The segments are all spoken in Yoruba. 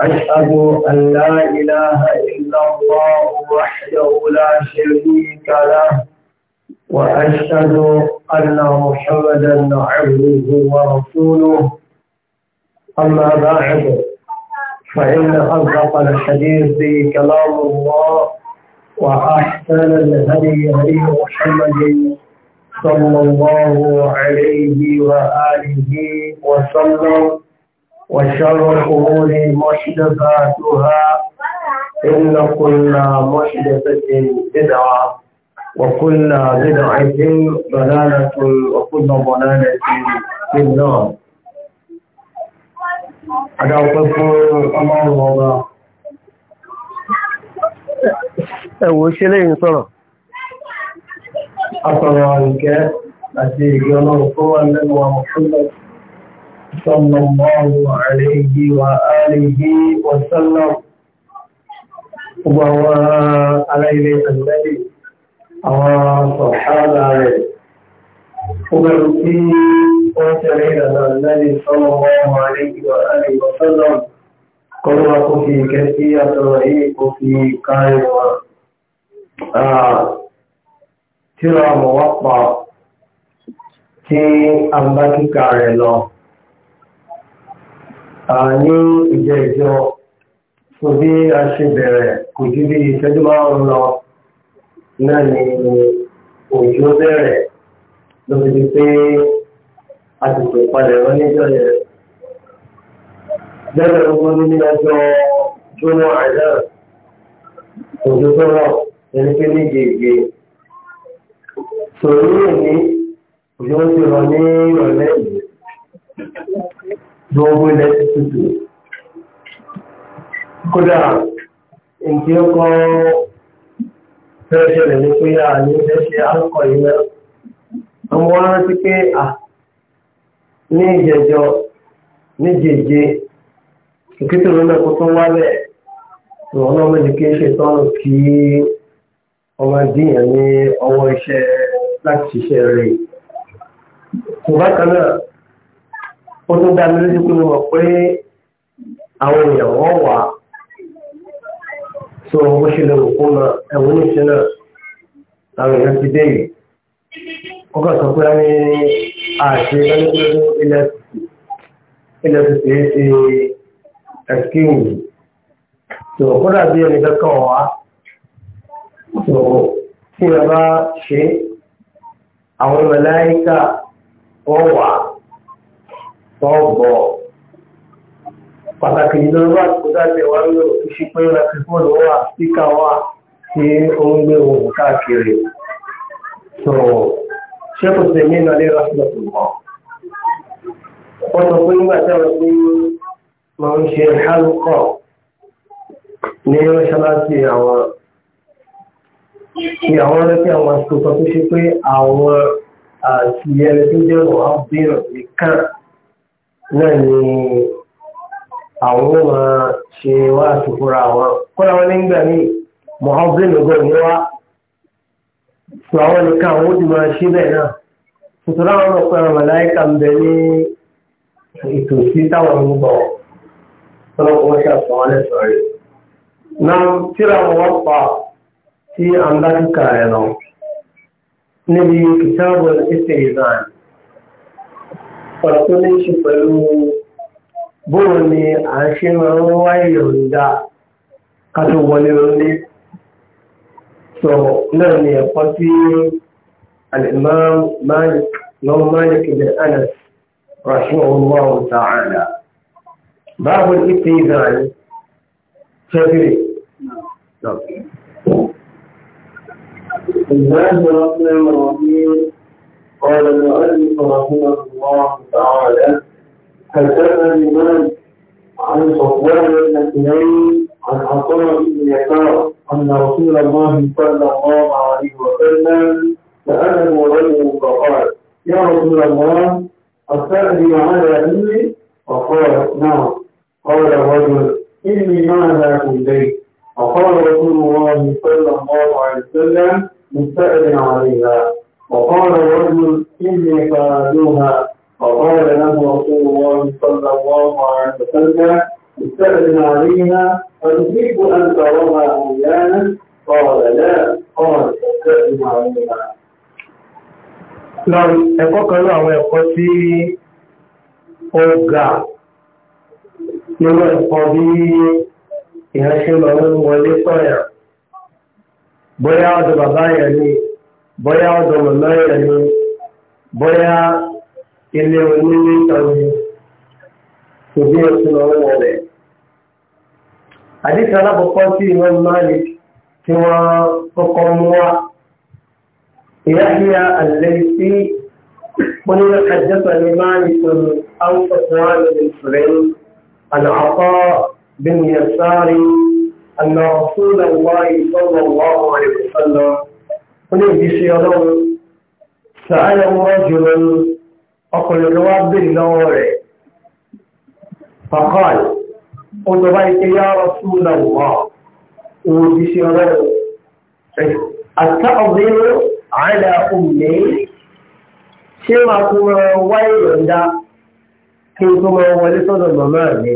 أشهد أن لا إله إلا الله وحده لا شريك له وأشهد أن محمدا عبده ورسوله أما بعد فإن أصدق الحديث كلام الله وأحسن الهدي هدي محمد صلى الله عليه وآله وسلم وشر الأمور محدثاتها إن كل محدثة بدعة وكل بدعة ضلالة وكل ضلالة في النار أنا الله الله ẹ̀wọ̀ ṣe lẹ́yìn sọ́rọ̀. Àtọ̀rọ̀ àrùkẹ́ àti ìgbẹ̀ọ́nà òkú wà صلى الله عليه وآله وسلم وهو عليه النبي وصحاب عليه وبركي وسلينا النبي صلى الله عليه وآله وسلم قرأت في كثيرة رأيك في كايوة ترى موقع في أمبكي كارلو ní ìjẹ́ ìjọ fún bí a ṣe bẹ̀rẹ̀ kò ju bí ìṣẹ́jú márùn-ún lọ náà ni òjò bẹ̀rẹ̀ ló fi di pé a ti pè padà lọ níjọ yẹn. Bẹ́ẹ̀ lọ́gbọ́n ní ọjọ́ jóná àìdá òjò tó rọ̀ ẹni pé méje ìgbé. Sòrí èmi òjò ti rọ̀ ní ìrọ̀lẹ́ yìí gbogbo ilẹ̀ ti tutù. Kódà, nǹkí ó kọ́ fẹ́ ṣẹlẹ̀ ní pé a ní fẹ́ ṣe àkọ́ iná. Àwọn rántí pé à ní ìjẹjọ ní jẹjẹ ìkítò ló mẹ́kọ̀ọ́ tó wá bẹ̀ ìwọ̀n náà mẹ́lì kí ṣe tọ́nù kí ọmọ dìyàn ní ọwọ́ iṣẹ́ láti ṣiṣẹ́ rẹ̀. Bákan náà, ó tún dá mi lójú pé mo mọ̀ pé àwọn èèyàn wọ́n wà so bó ṣe lè wò kó mọ ẹ̀wọ̀n níṣẹ́ náà àwọn èèyàn ti dé yìí wọ́n kàn sọ pé wọ́n ní àṣẹ lọ́dún ilẹ̀ ilẹ̀ tuntun yìí ti ẹ̀kíwù so kódà bí ẹni kankan wà so tí ẹ bá ṣe àwọn màláíkà wọ́n wà á tọ́ọ̀bọ̀ pàtàkì ìdánwà tó dájẹ́ wá ní òṣìṣẹ́ pé rẹ̀kìfọ́nù wà síkà wà tí ó ń gbé ohun káàkiri so ṣẹ́kù sí ní ìlàlẹ́ rásìlọ́pù mọ́ wọ́n sọ pé nígbà tí wọ́n pín máa ń ṣe hálùkọ́ ní mọ́ṣáláṣí àwọn ní àwọn ọlọ́pẹ́ àwọn àṣìkò tó ṣe pé àwọn àṣìyẹrẹ tó jẹ́ wọ́n á bẹ̀rẹ̀ nìkan náà ni àwọn ò máa ṣe wá àtúkúra wọn kódà wọn nígbà míì mohammed ogun ni wá sọ àwọn nìkan àwọn òdì máa ṣe bẹ́ẹ̀ náà tuntun àwọn ọmọ pẹ̀lú màláìka ń bẹ ní ìtòsí táwọn ń bọ̀ ọlọ́pàá wọn ṣàfihàn lẹ́sọ̀ọ́ rẹ̀ náà tíra wọn pa tí àǹdáríkà rẹ̀ lọ níbi kìtàbù ìṣèlú náà ọ̀rọ̀ tó ní ṣe pẹ̀lú bóun ni à ń ṣe máa ń wá ìyọ̀nda ká tó wọlé onílé sọ náà ni ẹ̀kọ́ tí al-Imam Malik lọ́wọ́ Malik ibn Anas rahimahullahu ta'ala báwo ní ti ìdáyé ṣẹ́fìrì náà. Ìgbà قال المؤلف رحمه الله تعالى حدثني مالك عن صفوان بن سليم عن عطاء بن يسار أن رسول الله صلى الله عليه وسلم سأله رجل فقال يا رسول الله أستأذن على أمي فقال نعم قال الرجل إني ما ذاك البيت فقال رسول الله صلى الله عليه وسلم مستأذن عليها وقال رجل إني فعلوها فقال له رسول الله صلى الله عليه وسلم استأذن عليها أتحب أن تراها أحيانا قال لا قال استأذن عليها Lọ́rùn ẹ̀kọ́ kan lọ àwọn ẹ̀kọ́ tí ó ga nínú ẹ̀kọ́ bí ìhánṣẹ́ lọ wọlé sọ́yà. Bóyá ọ̀dọ̀ bàbá yẹn ni bóyá ọ̀dọ̀mọ̀ lọ́yẹ̀ ni bóyá ilé onílé tọ́jú kò bí o ti lọ wọ̀ rẹ̀. àdìsí alákọ̀ọ́kọ́ tí ìwọ́n Malik tí wọ́n kọ́kọ́ mú wá ìyáhíyá àlẹ́ sí قل حدثني مالك أو صفوان بن سليم عن عطاء بن يسار أن رسول الله صلى الله عليه وسلم ó lè fi ṣe ọlọ́run sàáyẹ̀ wọ́n jù lọ́nu ọkùnrin ló wá bèèrè lọ́wọ́ rẹ̀ pàkọ́ọ̀lù ó lọ bá ike yá ọ sí lọ́wọ́ òun fi ṣe ọlọ́run àtà ọ̀gbẹ́rẹ́ àádá òmìnir ṣé máa tún máa wáyé yọ̀ǹda kí n tún máa wọlé sọ́dọ̀ màmá mi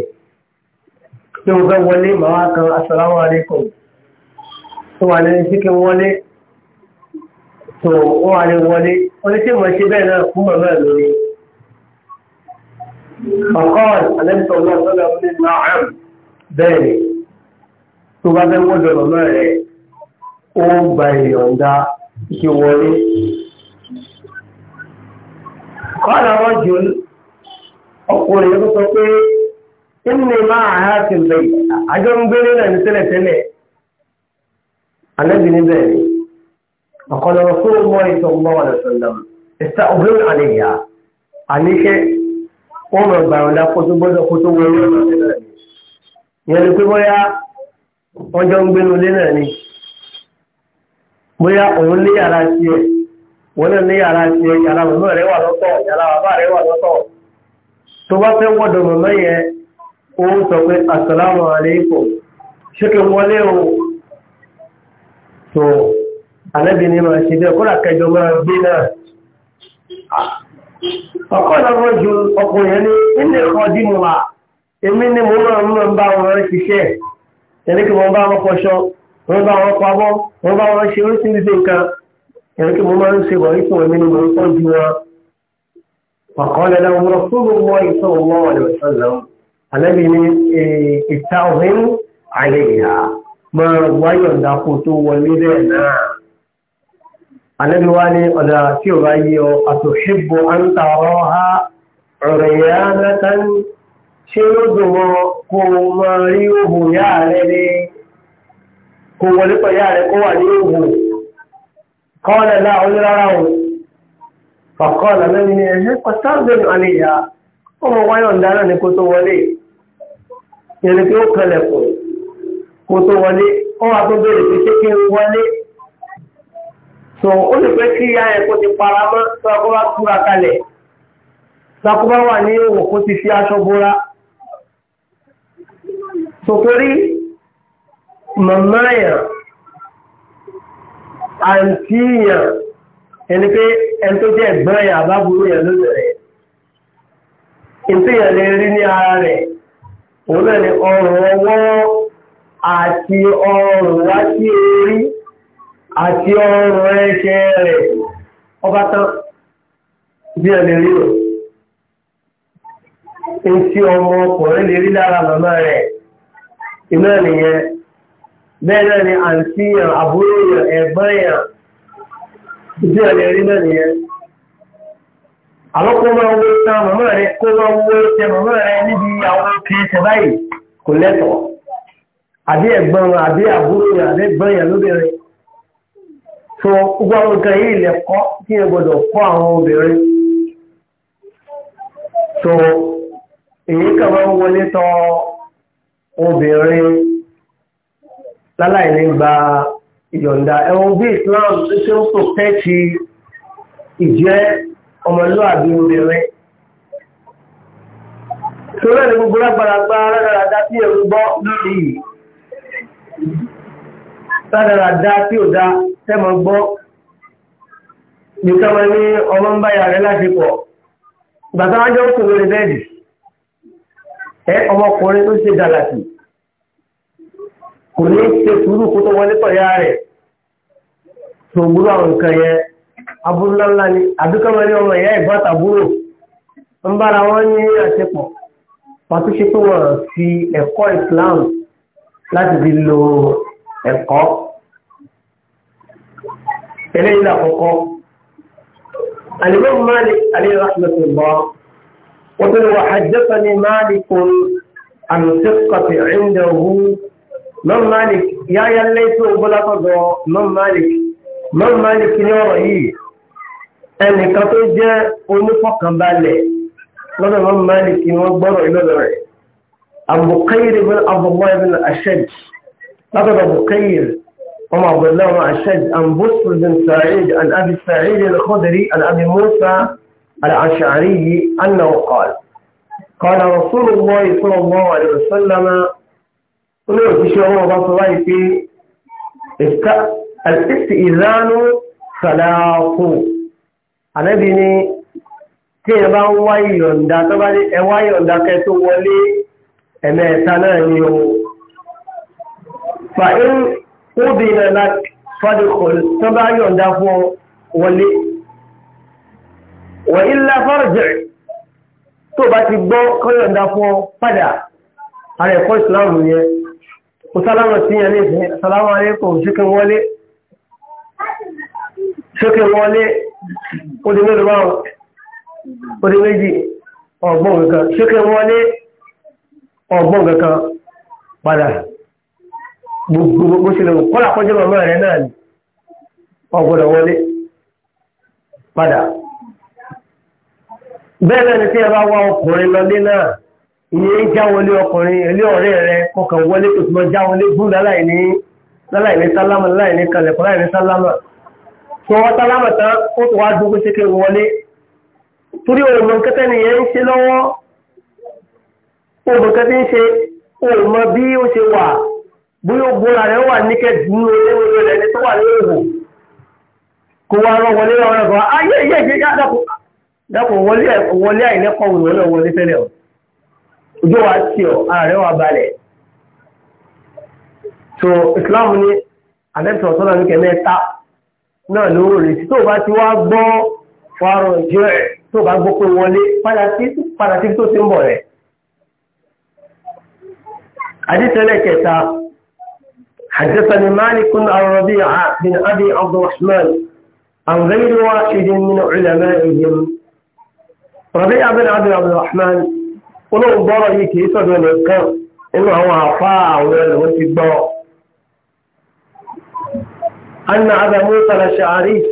tí mo fẹ́ wọlé màá kan assalamu tó wà lẹ́yìn sí kí n wọlé tó wọ́n wà wọlé wọ́n tí mo ṣe bẹ́ẹ̀ náà fún màmá lórí. ọ̀kọ́ọ̀n alẹ́sọ̀ náà sọ́dọ̀ ní náàm bẹ́ẹ̀ ni tó bá fẹ́ wọ́dọ̀ màmá rẹ̀ ó gba ìyọ̀ǹda ṣe wọlé. kọ́ọ̀nà wọn jù ọkùnrin ló sọ pé inú máa àhásìlẹ̀ àjọ ń gbélé náà ní tẹ́lẹ̀tẹ́lẹ̀ alẹ́bìnrin bẹ́ẹ̀ ni. فقال رسول الله صلى الله عليه وسلم استأذن عليها عليك ọmọ ìgbàrò lápótó gbọ́dọ̀ kó tó wọ orí ọ̀nà sílẹ̀ ni ìyẹn ni pé bóyá wọ́n jọ ń gbénu ilé náà ni bóyá òun ní yàrá tiẹ̀ wọ́n náà ní yàrá tiẹ̀ yàrá màmá rẹ̀ wà lọ́tọ̀ yàrá bàbá rẹ̀ wà lọ́tọ̀ tó bá fẹ́ wọ́dọ̀ màmá yẹn ó ń sọ pé assalamu alaikum ṣé kí n wọlé o àlẹ́bí ni máa ṣe bẹ́ẹ̀ kódà kẹjọ máa gbé náà ọkọ̀ lọ́wọ́ ju ọkùnrin yẹn ní ilé ẹ̀kọ́ dínú wa èmi ni mo máa ń bá wọn ṣiṣẹ́ ẹni kí mo bá wọn kọṣọ mo bá wọn pabọ́ mo bá wọn ṣe oríṣi níbi nǹkan ẹni kí mo máa ń ṣe wọ̀nyí fún èmi ni mo ń tọ́jú wọn. ọ̀kan lẹ́la wọ́n fún mi wọ́n ìṣọ́ wọn ọ̀lẹ́ ọ̀sán àlẹ́bí ni ìta òhìn àlẹ́ ìyá máa wáyọ̀ ǹdàkùn tó wọlé bẹ́ẹ̀ náà. Ànábì wá ní ọ̀dà tí ò bá yí ọ àtòṣìbò an tààrọ ha ọ̀rẹ̀yà látán ṣé ó dùnmọ́ kó máa rí òhù yá rẹ̀ ní kó wọlé pẹ̀ yá rẹ̀ kó wà ní òhù kọ́ọ̀lẹ̀ náà ó ní rárá o fàkọ́ọ̀lẹ̀ lẹ́yìn ní ẹ̀hẹ́ pàtàkì àníyà ó mọ wáyọ̀ ń ní kó tó wọlé ìrìn pé ó kẹlẹ̀ kó tó wọlé ó wà tó bẹ̀rẹ̀ pé ṣé kí n wọlé tó ó lè pẹ́ kí ìyá yẹn kó ti para mọ́ sọ́kọ́ bá túra kalẹ̀ sọ́kọ́ bá wà ní òwò kó ti fi aṣọ bóra tòkórí màmá yẹn àǹtí yẹn ẹni pé ẹni tó jẹ́ ẹ̀gbọ́n yẹn àbábúrú yẹn lónìí rẹ̀ ìpínyàn lè rí ní ara rẹ̀ òun náà ni ọrùn ọwọ́ àti ọrùn wá sí orí àti ọrùn ẹ̀ṣẹ́ rẹ̀ ọba tán bí ẹni rí o ń tí ọmọ ọkùnrin lè rí lára màmá rẹ̀ iná nìyẹn bẹ́ẹ̀ náà ni àǹtíyàn àbúrò yàn ẹ̀gbọ́n yàn bí ẹni rí náà nìyẹn àwọn kó máa wó tán màmá rẹ̀ kó máa wó tẹ màmá rẹ̀ níbi àwọn kí ẹsẹ̀ báyìí kò lẹ́tọ̀ọ́ àbí ẹ̀gbọ́n àbí àbúrò yàn àbí ẹ̀gbọ́n yàn lóbìnrin tó gbogbo àwọn nǹkan yìí lè kọ́ kí ẹ gbọ́dọ̀ kọ́ àwọn obìnrin tó èyí kà máa ń wọlé tọ obìnrin láláì ní gba ìyọ̀ǹda ẹ̀wọ̀n bí Islam ṣe ń pòtẹ́kì ìjẹ́ ọmọlúwàbí obìnrin tó náà ní gbogbo lágbàlagbà rádaràdá tí ẹ̀rù gbọ́ lórí yìí rádaràdá tí ò dáa tẹ́mọ̀ gbọ́ nìkan wọn ní ọmọ ń báyà rẹ láti pọ̀ ìgbà táwọn jọ kò lórí bẹ́ẹ̀dì ẹ ọmọkùnrin tó ṣe gàlàtì kò ní ṣe sùúrù kó tó wọlé pọ̀yà rẹ̀ tó gbúrú àwọn nǹkan yẹn abúrúláńlá ni àbíkọ́mọ ní ọmọ ìyá ìbọn àtàbúrò ń bára wọn ní àṣepọ̀ pàtó ṣe pé wọ́n fi ẹ̀kọ́ Islam láti fi lo ẹ̀kọ́ eléyìí làkọ́kọ́ alimọ́n malik alayhi rahmatullah wọ́n tó wà hajjata ni malikun alusikati indahu mọ́n malik yáyá lẹ́tọ́ bọ́lákọ́dọ̀ mọ́n malik mọ́n malik ní ọ̀rọ̀ yìí ẹnìkan tó jẹ́ onífọ̀kànbalẹ̀ lọ́dọ̀ mọ́n malik ni wọ́n gbọ́rọ̀ ìlọ́dọ̀ rẹ̀ abukayir ibn abdullahi ibn ashaj látọ̀dọ̀ abukayir وما عبد الله مع الشد عن بصر بن سعيد عن أبي سعيد الخدري عن أبي موسى العشعري أنه قال قال رسول الله صلى الله عليه وسلم قلوا في شعور الله في الاستئذان ثلاث Ànábì ni tí ẹ bá ń wá ìyọ̀ǹda tó bá ní ẹwà ìyọ̀ǹda أذن لك فادخل تبع يندفو ولي وإلا فارجع تبع تبع كل يندفو فدا على يقول السلام عليكم وسلام عليكم السلام عليكم شكرا ولي ṣókè wọlé odi mélòó márùn odi méjì ọgbọ́n kankan ṣókè wọlé ọgbọ́n kankan padà gbogbo gbogbo ṣe lè kọ́lá kọjá màmá rẹ̀ náà ni ọgbọ́dọ̀ wọlé padà bẹ́ẹ̀ náà ni tí ẹ bá wá ọkùnrin lọlé náà ìyẹn ń já wọlé ọkùnrin ilé ọ̀rẹ́ rẹ kọkàn wọlé tó ti lọ já wọlé gún láláì ní láláì ní sálámà láláì ní kalẹ̀kọ́ láì ní sálámà tó wọ́n sálámà tán ó tó wá dúró ṣe kí n wọlé torí òòmù kẹtẹ nìyẹn ń ṣe lọ́wọ́ òòmù kẹtẹ ń ṣe òòmù bí ó ṣe wà bóyá ògbóra rẹ̀ wà ní kẹ́dùn ní olóòrò rẹ̀ ní tó wà ní òhò kó wá rán wọlé rán rẹ̀ kan ayé yé yé yá dákò wọlé àìlẹ́kọ̀ọ́ wò lọ́nà wọlé fẹ́lẹ̀ ọ̀ ojú wa tí ọ ààrẹ wa balẹ̀ so Islam ní àlẹ́tọ̀ sọ́nà ní kẹ́mẹ́ta náà ló rò rí tó bá ti wá gbọ́ fọ́ọ̀rọ̀ jẹ́ tó bá gbọ́ pé wọlé padà sí tó ti ń bọ̀ rẹ̀ àdìsẹ́lẹ̀ kẹta حدثني مالك عن ربيعة بن أبي عبد الرحمن عن غير واحد من علمائهم ربيعة بن أبي عبد الرحمن ولو ضر يكي يسدون القر إنه هو عفاء والتباع أن أبا موسى الأشعري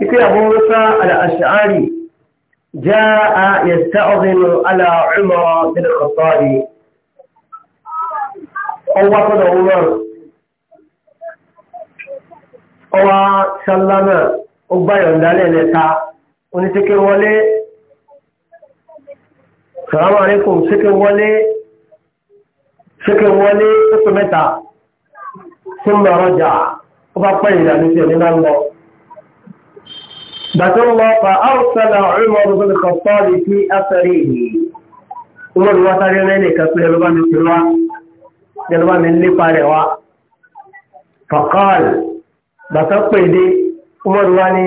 يكي أبو موسى الأشعري جاء يستعظم على عمر بن الخطاب الله قد عمر ọwá sálámà ó gbá yọ̀ǹda lẹ́ẹ̀mẹ́ta oníṣẹ́kẹ́ wọlé salamu alaikum ṣẹ́kẹ́ wọlé ṣẹ́kẹ́ wọlé ṣẹ́kẹ́ mẹ́ta tó ń lọ́rọ̀ jà ó bá pẹ́ ìrìnàjò sí ẹ̀mí náà lọ. Bàtí ń lọ fa áwùsọ̀lá ọ̀rìnmọ̀ ọdún kan sọ́ọ̀lì sí afẹ́rẹ́ ìhì. Wọ́n lè wá sáré lẹ́nìí kan pé ẹlọ́bá mi ti wá, ẹlọ́bá mi lépa rẹ̀ wá. Fàkọ́ọ̀lì bàtà pèdè Umar wa ni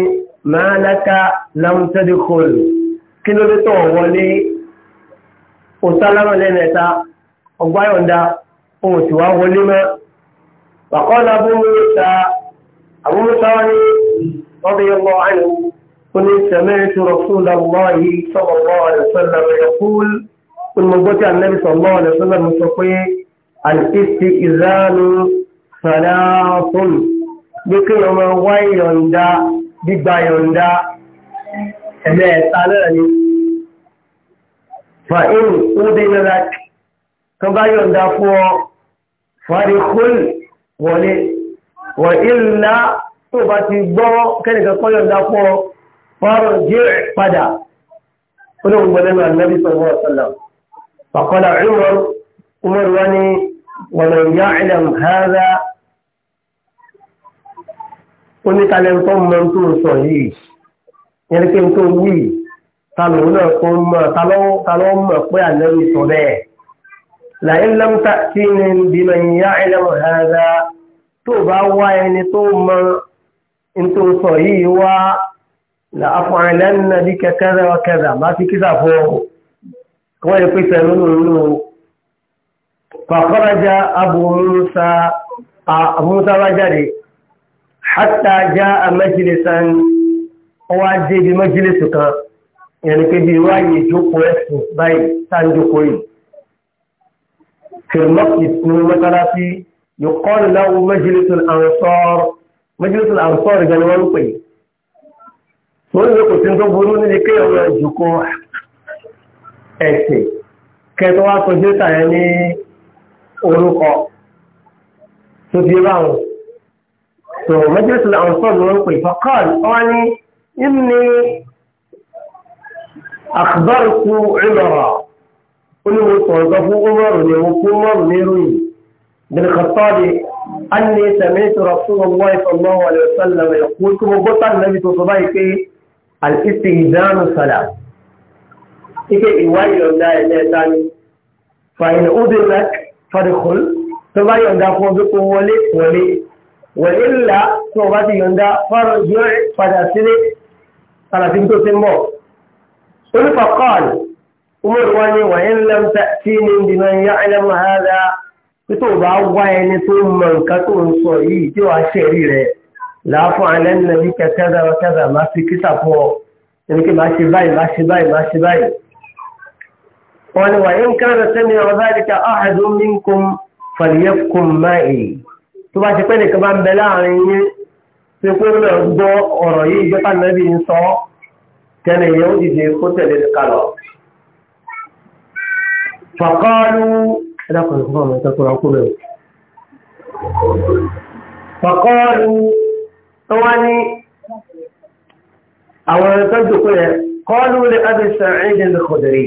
máa lákà lámúsẹ́dì kọlù kí ló dé tó wọlé òsálámà lẹ́mẹ̀ta ọgbà yọ̀ǹda ohun tí wá wọlé mọ́ wàkọ́lá Abu Musa Abu Musa wa ni radiyallahu anhu قل سمعت رسول الله صلى الله عليه وسلم يقول قل النبي صلى الله عليه وسلم مستقيم الاستئذان ثلاث ní kí wọ́n máa wá ìyọ̀ǹda gbígba ìyọ̀ǹda ẹ̀mẹ́ẹ̀ta náà ni fàínù ó dé nára tó bá yọ̀ǹda fún ọ fàríkún wọlé wọ̀ ìlà tó bá ti gbọ́ kẹ́nìkan kọ́ yọ̀ǹda fún ọ fọ́rọ̀ jẹ́ padà ó lóun gbọ́dọ̀ náà sọ̀rọ̀ ọ̀sọ̀lọ̀ fàkọ́lá ìmọ̀ ìmọ̀ ìwá wọ̀nà ìyá ìlànà oníkalẹ̀ tó mọ tó sọ yìí yẹn kí n tó wí ta lòun náà tó mọ ta lọ́wọ́ mọ̀ pé àlẹ́rù sọ bẹ́ẹ̀ làyín lọ́mta tí ni bímọ ìyá ẹlẹ́mọ̀ ẹ̀rẹ́ tó bá wá ẹni tó mọ tó sọ yìí wá là afọ̀rìnlẹ́nà bí kẹkẹrẹ ọkẹrẹ má kí sàfọ́ wọ́n yẹ pé sẹ́nu nínú fàkọ́rọ́jà abùmúsá abùmúsá bá jáde hátà já àmẹ́jìlẹ̀sán ọwá dé ibi mẹ́jìlẹ̀sù kan ìrìn pé bí wá yìí jókòó ẹ̀sùn báyìí sáńjókòó yìí fìrìmọ́kìs ní mọ́sálásí yòókọ́ láwù mẹ́jìlẹ̀sù ànsọ́r mẹ́jìlẹ̀sù ànsọ́r gan ni wọ́n ń pè wọ́n ní kò sí tó burú níbi kéèyàn lọ jókòó ẹ̀sìn kẹtọ́ wá sọ jẹ́ta yẹn ní orúkọ tó fi báwọn tó mẹjọsí làwọn sọ̀rọ̀ ló ń pè fọkàn wọn ni ìmì àkùbárùkù ìmọ̀ràn olùwò sọ̀rọ̀ fún ọmọrùn ní òkú ọmọrùn ní ròyìn bìrìkàtọ́dì أني سمعت رسول الله صلى الله عليه وسلم يقول كما قلت النبي صلى صلاة ike ìwà ìyọ̀ǹda ẹ̀lẹ́ ẹ̀ta ni fàyìn ó wẹ̀lẹ́lá tó bá ti yọ̀nda fọ́rọ̀ yóò padà sílé kàlàfí tó ti mọ̀. onífàkọ́ọ̀lù umar wa ni wàyí lẹ́mta tí ní ìdìmọ̀ ya ẹlẹ́mọ̀ hádá tí tó bá wá ẹni tó mọ̀ nǹkan tó ń sọ yìí láàfún alẹ́ nínú bí kẹkẹ́dà máa fi kíta fún ọ ẹni máa ṣe báyìí máa ṣe báyìí máa ṣe báyìí. wọ́n ni wàyí ń kẹ́rẹ̀ sẹ́mi ọ̀rọ̀ tó bá ti pẹ́ nìkan bá ń bẹ láàrin yín tí pé ó lọ gbọ́ ọ̀rọ̀ yìí ìjọba nàbí ń sọ tẹ́lẹ̀ yẹn ó dìde kó tẹ̀lé nìkan lọ. fàkọ́lù ẹ̀dàkùn ìfún ọmọ ìtọ́ tó rẹ̀. fàkọ́lù tó wá ní àwọn ìtọ́jú pé kọ́lù lè Abi Sa'id al-Khudri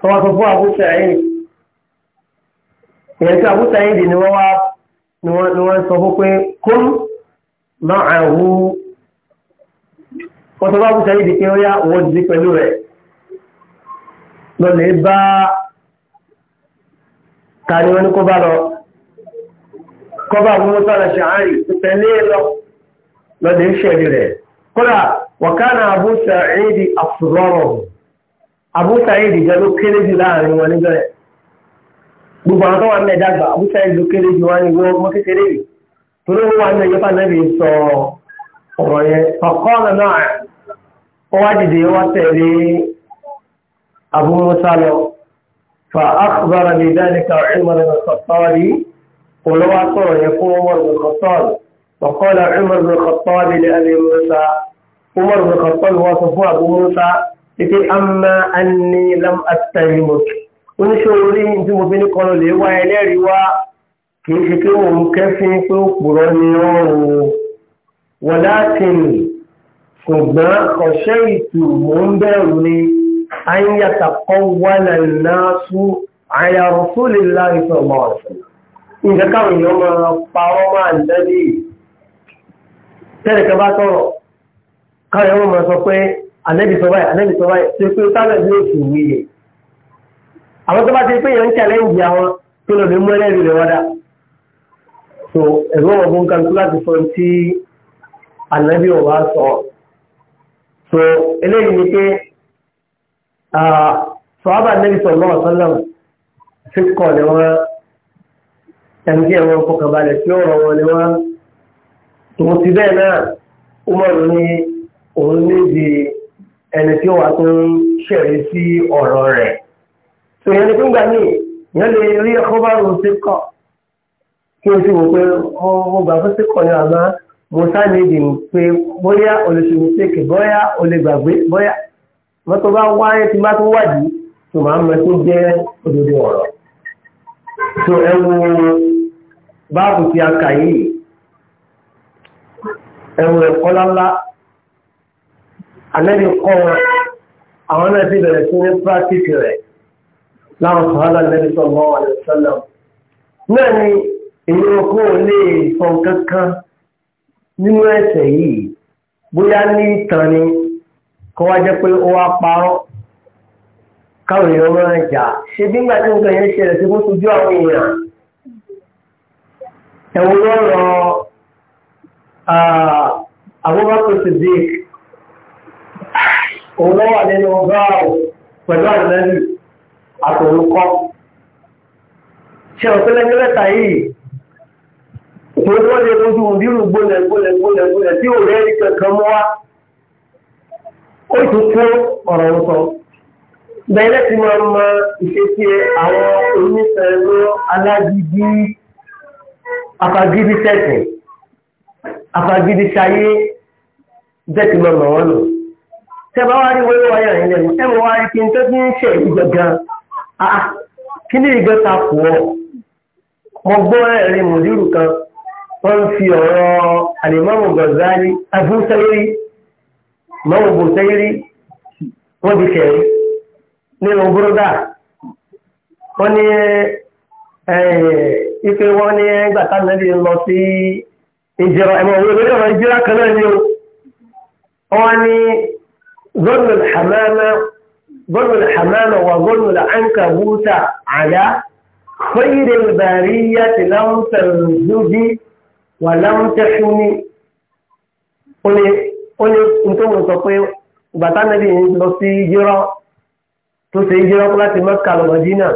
tó wá sọ fún Abu Sa'id ìyẹn tí Abu Sa'id ni wọ́n wá ni wọ́n sọ fún pé kún máa àwú wọ́n sẹ́yìn di pé ó yá pẹ̀lú rẹ̀ lọ́lẹ̀ bá tàní wọn ní kó bá lọ kọ́ bá mú sọ́rọ̀ ṣàárì tẹ̀lé e lọ lọ́lẹ̀ ṣẹ̀lì rẹ̀ kódà wọ̀kánà àbúṣà èdè àfùrọ̀rọ̀ àbúṣà èdè jẹ́ ló kéré jù gbogbo àwọn tó wà mẹ́ dàgbà abúṣà ìlú kéré jù wá ní wọ́n mọ́ kékeré yìí torí wọ́n wà ní ẹ̀yọ́ fànẹ́bì sọ ọ̀rọ̀ yẹn ọ̀kọ́ ọ̀nà náà ó wá dìde wá tẹ̀lé Abu Musa lọ fa akhbara bi dhalika Umar bin Khattab olówó sọ̀rọ̀ yẹn fún Umar bin Khattab وقال عمر بن الخطاب لأبي موسى عمر بن الخطاب وصفه أبو موسى إذ أما oníṣòro rí tí mo fi ní kọlọ lè wá ẹlẹ́rìí wá kì í ṣe pé òun kẹ́fín pé ó pòrọ ni wọ́n o wọ́n látìmì ṣùgbọ́n ọ̀ṣẹ́ ìtù mò ń bẹ̀rù ni a ń yàtà kọ́ wàlà náà sú àyàrò tó lè láàrin fún ọmọ ọ̀sẹ̀ nǹkan káwọn èèyàn máa parọ́ máa ń dẹ́bí tẹ́lẹ̀kẹ́ bá tọ̀rọ̀ káwọn èèyàn máa sọ pé ànẹ́bí sọ báyìí ànẹ́bí sọ báyìí ṣe pé tábẹ̀ ní òṣù wíyẹ̀ àwọn tó bá ti pé yẹn challenge àwọn tó lọ lè mú ẹlẹ́rìí rẹ̀ wọ́dà so ẹ̀rọ ọ̀gbọ́n kan tó láti sọ tí ànábì ọ̀wá sọ so eléyìí ni pé sọ́ábà nẹ́bí sọ̀rọ̀ lọ́wọ́ sọ́nà fi kọ̀ ni wọ́n ẹni tí ẹ̀rọ ọkọ̀kànbalẹ̀ tí ọ̀rọ̀ wọn ni wọ́n tòun ti bẹ́ẹ̀ náà ó mọ̀rọ̀ ní òun níbi ẹni tí ó wà tó ń ṣẹ̀rí sí ọ̀rọ̀ rẹ̀ èèyàn ní fún gbàmí èèyàn lè rí ẹ̀kọ́ bá rò sí kọ̀ kí o sì wò pé ọmọ gbà fún sí kọ̀ ni àmọ́ mo sáré dì pé bóyá o lè ṣe mistake bóyá o lè gbàgbé bóyá mọ́tò bá wáyé tí bá tó wádìí tó máa ń mọ tó jẹ́ òdodo ọ̀rọ̀ tó ẹ wo báàbù tí a kà yìí ẹ wo ẹ̀kọ́ láńlá àlẹ́ kọ́ wọn àwọn náà ti bẹ̀rẹ̀ sí ní pírátìkì rẹ̀ láwọn sọ̀hálà lẹ́bí sọ̀rọ̀ àlẹ́sọ́lọ̀ náà ni èyí ọkọ̀ lè sọ kankan nínú ẹ̀sẹ̀ yìí bóyá ní ìtàn ni kọ́ wá jẹ́ pé ó wá parọ́ káwọn èèyàn máa jà ṣe bí nígbà tí nǹkan yẹn ṣẹlẹ̀ sí bó sojú àwọn èèyàn ẹ̀wọ̀n lọ́rọ̀ Abubakar Siddiq òun wà nínú ọgá pẹ̀lú àlẹ́lù àtòrúkọ ṣe ọ̀pẹ́lẹ́gbẹ́lẹ́ta yìí ìpòlótọ́lẹ́ ojú ìdírù gbólẹ̀ gbólẹ̀ gbólẹ̀ gbólẹ̀ tí ò rẹ́rí kankan mọ́ wá ó ti kó ọ̀rọ̀ ń sọ bẹ̀rẹ̀ tí máa mọ ìṣesí àwọn onífẹ̀ẹ́lú alágídí afagídí sẹ́sìn afagídí sayé bẹ́ẹ̀ tí máa mọ̀ wọ́n nù tẹ́ bá wá rí wọ́n wáyà yẹn lẹ́nu ẹ̀ wọ́n wá rí kí n tó ti ń ṣe ìgbọ̀ngàn Ah, kí ní ìgbẹ́ta kù ọ́ mo gbọ́ ẹ̀rin mùdírù kan wọ́n fi ọ̀rọ̀ àlèmọ́mù Gazali abúsẹ́yìrí mọ́mù bùsẹ́yìrí wọ́n di kẹ̀rí nínú búrúdà wọ́n ní ife wọ́n ní gbàtà nàbí lọ sí ìjẹrọ ẹ̀mọ̀ òwe lórí ọ̀rọ̀ ìjẹrọ kan náà ni ó wọ́n ní zọ́nù hàmáàmá ظلم الحمامة وظلم العنكبوت على خير البرية لم تنزج ولم تحني ó ní ó ní nítorí mo sọ pé ìgbà táwọn ẹbí yìí lọ sí yírọ́ tó ṣe yírọ́ láti Mẹ́kà lọ Mẹ́dínà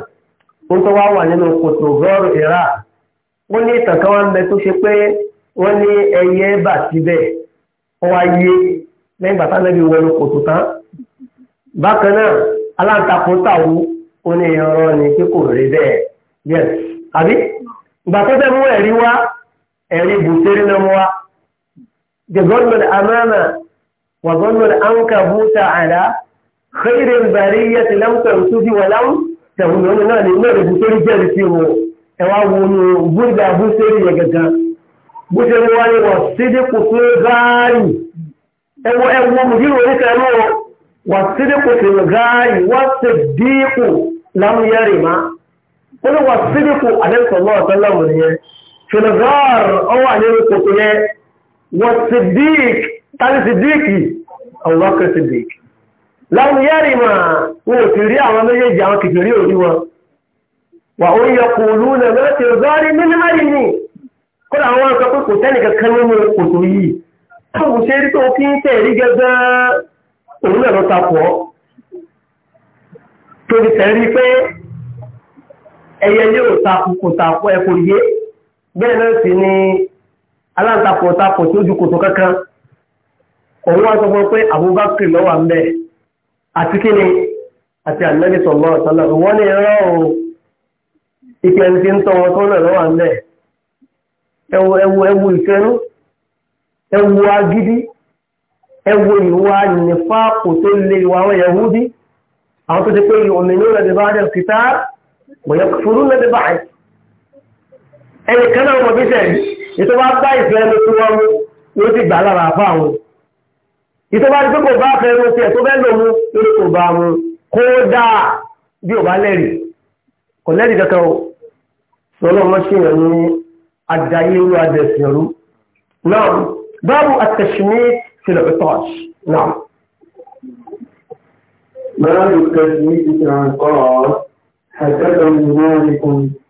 ó tó wá wà nínú kòtò gọ́ọ̀rù ìrà ó ní ìtàn kan wá ń bẹ tó ṣe pé wọ́n ní ẹyẹ bà síbẹ̀ ó wá yé lẹ́yìn ìgbà táwọn ẹbí wọnú kòtò tán bákan náà aláǹtakùn tàwọn oní ọ̀rọ̀ ni tí kò rí bẹ́ẹ̀ yes àbí ìgbà tó fẹ́ mú ẹ̀rí wá ẹ̀rí bùsẹ́rí náà mú wá the government amana wa government anka buta ala khairin bariyat lam tansubi wa lam tẹ̀wọ̀n ọ̀nà náà ni náà bùsẹ́rí jẹ́rìí sí wọn ẹ̀wà wo ni búrúdà bùsẹ́rí yẹ gẹ́gẹ́ bùsẹ́rí wá ní wọ́n sídìkù fún gáárì ẹ̀wọ̀ ẹ̀wọ̀ mùdírò oníkẹ́ náà wàsídìkù fìlgáyì wàsídìkù lámúyẹ́rìmá ó ní wàsídìkù àdẹ́sọ̀lọ́ ọ̀tọ́lọ́mù ni yẹn fìlgáàr ọwọ́ àníwò kòtò yẹn wàsídìk tani sídìkì ọ̀wọ́kẹ́ sídìk lámúyẹ́rìmá wọn ò ti rí àwọn méjèèjì àwọn kìkìrí òní wọn wà ó yẹ kò lù nà mẹ́tì rọ́ọ̀rì mílíọ̀nì ni kó làwọn sọ pé kò sẹ́nì kankan nínú kòtò tó kí òun náà ló takò ọ́ torí tẹ̀rí pé ẹyẹ yóò takò kò takò ẹ kò yé bẹ́ẹ̀ náà sì ni aláǹtakò takò tí ó ju kòtò kankan òun wá sọ fún pé Abubakar lọ́wọ́ ń àti kí ni àti Ànábì sallallahu alaihi wasallam wọ́n lè rán o ìpè ẹni tí ń tọ́ wọn tó lọ́wọ́ ń ẹwu ẹwu ìfẹ́nu ẹwu agídí ẹwọ ìwà nìfàkù tó lè ìwà àwọn yahudi àwọn tó ti pé ìhòmìnú lẹ́dẹ̀ bá dẹ̀ fìtá wọ̀nyẹ fúrú lẹ́dẹ̀ bá ẹ̀ ẹni kan náà wọ́n bí sẹ́yìn ìtọ́ bá bá ìfẹ́ ẹni tó wọ́n mú ló ti gbà lára àfa àwọn ìtọ́ adẹ̀sìn rú náà báwo àtẹ̀sìn العطاش نعم باب التجميد عن قال حدثني مالك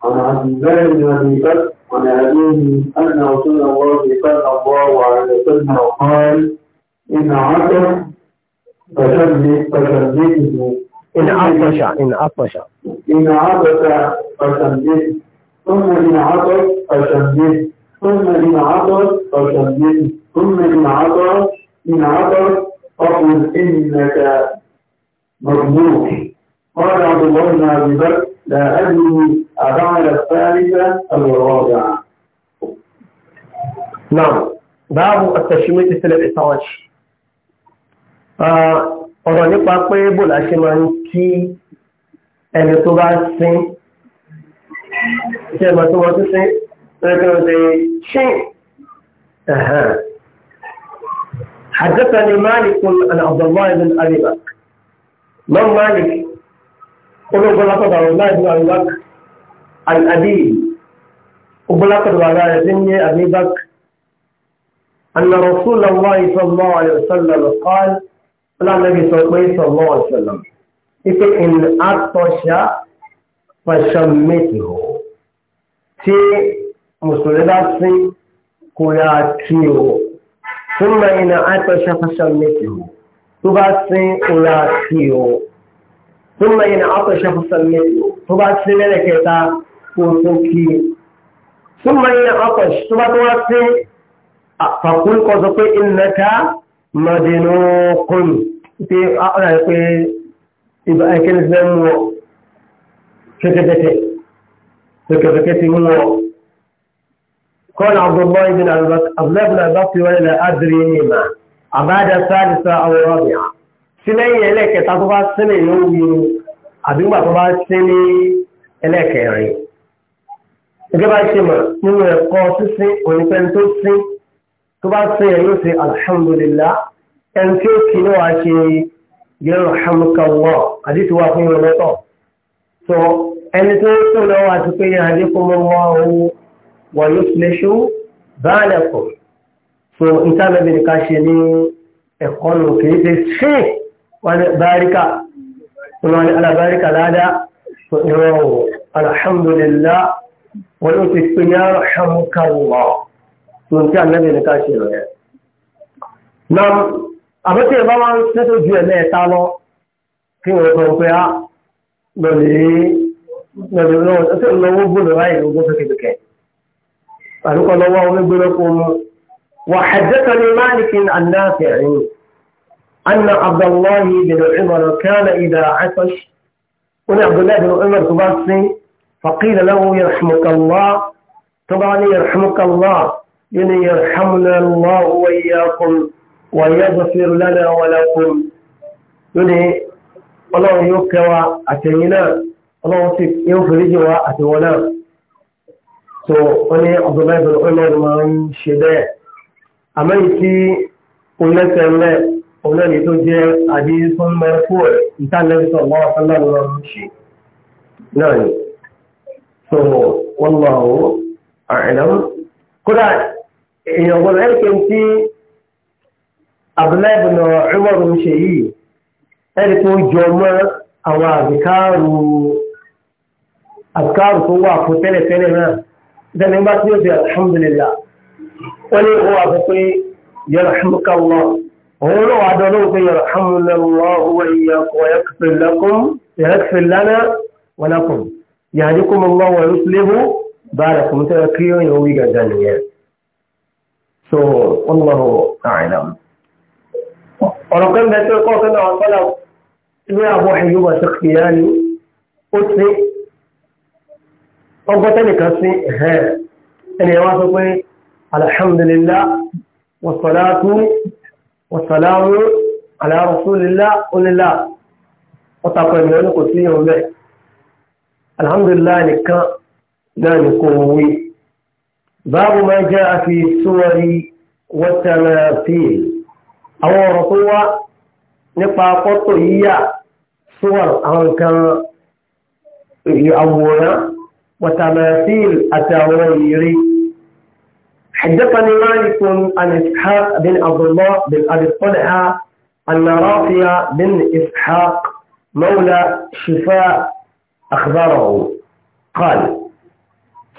عن عبد الله بن ابي بكر عن ابيه ان رسول الله صلى الله عليه وسلم قال ان عطش فشبه فشبهه ان عطش ان عطش ان عطش فشبهه ثم ان عطش فشبهه ثم ان عطش فشبهه ثم ان عطش إن عطر فقل إنك مظلوم قال عبد الله بن أبي بكر لا أدري أفعل الثالثة أو الرابعة نعم باب التشميت الثلاث عشر ọ̀rọ̀ nípa pé bò láṣẹ máa ń kí ẹni tó bá sín ṣe ẹ̀mọ̀ tó wọ́n tún sín ẹgbẹ́ ọ̀dẹ̀ ṣín حدثني مالك عن عبد الله بن ابي بكر من مالك قل بلغت عبد الله بن ابي بكر عن ابيه وبلغت على ابن ابي بكر ان رسول الله صلى الله عليه وسلم قال قال النبي صلى الله عليه وسلم ان عطش فشمته تي مسلمات كوياتيو ثم إن عطش فسمته تباسي أولاتيو ثم إن عطش فسمته تباسي ملكتا كوتوكي ثم إن عطش تباسي فقل قصدي إنك مدنوق في أعلى في يبقى كنز نمو فكفتي فكفتي هو قال عبد الله بن عبد الله بن البصري ولا أدري ما أبعد الثالثة أو الرابعة سنين إليك تطبع سنين يومي أبي ما تطبع سنين إليك يعني ìjọba ṣe mọ̀ nínú ẹ̀kọ́ sísìn onífẹ́ni tó sín tó bá sín ẹ̀ yóò ṣe alhamdulillah ẹni tí ó kì ní wàá ṣe yarhamukallah àdìsí wa fún ìrọ̀lọ́tọ̀ so ẹni tó tó lọ́wọ́ àti pé yẹn àdìkú mọ́ wọn òun ويفلشوا بالكم فإنسان من كاشيني يقول في الشيء والباركة ونوان على باركة لادا فإنوه الحمد لله ونوتي الدنيا رحمك الله فإنسان من كاشيني نعم أبتي بابا نتو جيالي تالو في أوروبيا نولي نولي نولي نولي نولي نولي نولي نولي نولي قال الله onígbèrèkó mu وحدثني مالك عن نافع أن عبد الله بن عمر كان إذا عطش هنا عبد الله بن عمر تبصي فقيل له يرحمك الله طبعا يرحمك الله يعني يرحمنا الله وإياكم ويغفر لنا ولكم يعني الله يكوى أتينا الله يغفر لنا so wọ́n ní ọ̀dọ́lá ìbẹ̀rẹ̀ ọlọ́run máa ń ṣe bẹ́ẹ̀ àmọ́ ìtí onílẹ̀sẹ̀ ńlẹ̀ ọlọ́run tó jẹ́ àdínsún mẹ́fù ẹ̀ ìtànẹ́sọ̀ wọ́n ọ̀sánlọ́run máa ń ṣe náà ni so wọ́n lọ àwọ̀ àìdáwọ̀ kódà èèyàn gbọ́dọ̀ ẹ̀rìkẹ́ tí abdullahi bin umar ń ṣe yìí ẹ̀rì tó jọ mọ́ àwọn àbíkáàrù àbíkáàrù tó wà fún tẹ́lẹ̀tẹ́lẹ̀ náà dẹni bá tí ó di alhamdulillah wọ́n ní ìwọ àkọ́kọ́ yarhamukallah òun náà wà dọ́nà òkú yarhamukallahu wa iyyakum wa yaghfir lakum yaghfir lana wa lakum yahdikumullahu wa yuslihu balakum tó yẹ kí yóò wí gàgà nìyẹn. so wallahu a'lam. ọ̀rọ̀ kan bẹ́ẹ̀ tó kọ́ sọ́nà àwọn sọ́nà ilé àbọ̀ ẹ̀yọ́ wa ṣe kìí أو قتلك أسي ها أني واسطي الحمد لله والصلاة والسلام على رسول الله قل الله وتقول لنا قصية الحمد لله لك لا نكوي باب ما جاء في السور والتماثيل أو رطوة نطاقط هي صور كان يعبونا وتماثيل التواريخ حدثني مالك عن إسحاق بن عبد الله بن أبي طلحة أن رافع بن إسحاق مولى شفاء أخبره قال